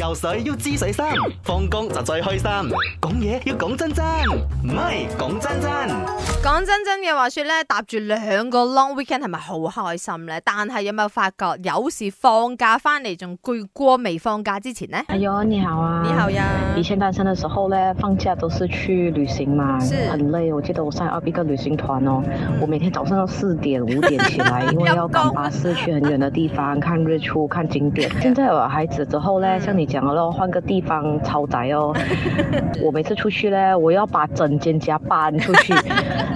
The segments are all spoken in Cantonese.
游水要知水深，放工就最開心。講嘢要講真真，唔係講真真。講真真嘅話說咧，搭住兩個 long weekend 係咪好開心咧？但係有冇發覺有時放假翻嚟仲攰過未放假之前呢？阿 r、哎、你好啊，你好呀。以前單身嘅時候咧，放假都是去旅行嘛，是很累。我記得我上阿 B 個旅行團哦，我每天早上要四點五點起來，因為要趕巴士去很遠的地方看日出、看景點。現在有了孩子之後咧，像你、嗯。講了咯，換個地方超宅哦。我每次出去咧，我要把整間家搬出去。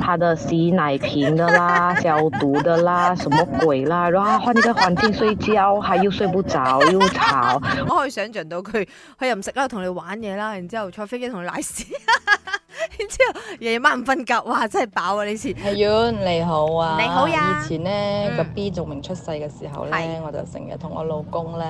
他的洗奶瓶的啦，消毒的啦，什麼鬼啦，然後換個環境睡覺，還又睡不着又吵。我可以想象到，佢佢又唔食啦，同你玩嘢啦，然之後坐飛機同你拉屎。之後夜晚唔瞓覺，哇！真係飽啊！呢次係啊，你好啊，你好呀。以前呢、嗯、個 B 仲未出世嘅時候呢，是我就成日同我老公呢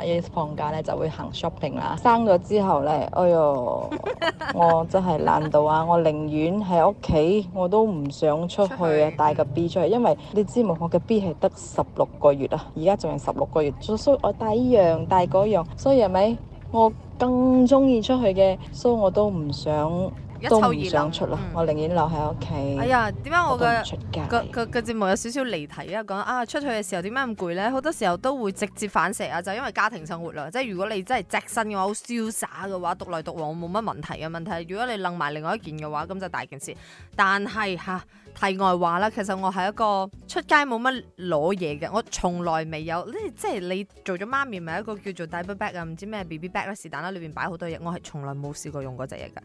誒一放假呢，呃、呢就會行 shopping 啦。生咗之後呢，哎呦， 我真係懶到啊！我寧願喺屋企，我都唔想出去，出去帶個 B 出去，因為你知冇，我嘅 B 係得十六個月啊，而家仲係十六個月，所以我帶依樣帶嗰樣，所以係咪我更中意出去嘅，所以我都唔想。一都唔想出咯，嗯、我寧願留喺屋企。哎呀，點解我嘅個個個節目有少少離題啊？講啊，出去嘅時候點解咁攰咧？好多時候都會直接反射啊，就因為家庭生活啦。即係如果你真係隻身嘅話，好瀟灑嘅話，獨來獨往，冇乜問題嘅問題，如果你掕埋另外一件嘅話，咁就大件事。但係吓、啊、題外話啦，其實我係一個出街冇乜攞嘢嘅，我從來未有。即係你做咗媽咪，咪一個叫做 diaper bag 啊？唔知咩 BB bag 是但啦，裏邊擺好多嘢，我係從來冇試過用嗰隻嘢噶。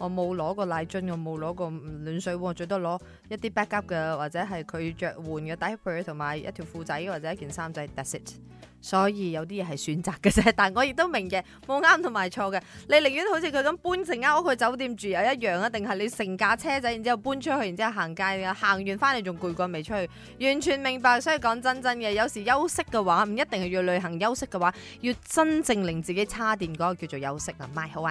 我冇攞過奶樽，我冇攞過暖水壺，我最多攞一啲 backup 嘅，或者係佢着換嘅 diaper，同埋一條褲仔，或者一件衫仔。That's it。所以有啲嘢係選擇嘅啫，但我亦都明嘅，冇啱同埋錯嘅。你寧願好似佢咁搬成間屋去酒店住又一樣啊？定係你成架車仔然之後搬出去，然之後行街啊？行完翻嚟仲攰過未出去？完全明白，所以講真真嘅，有時休息嘅話唔一定係要旅行休息嘅話，要真正令自己叉電嗰個叫做休息啊！My 好啊。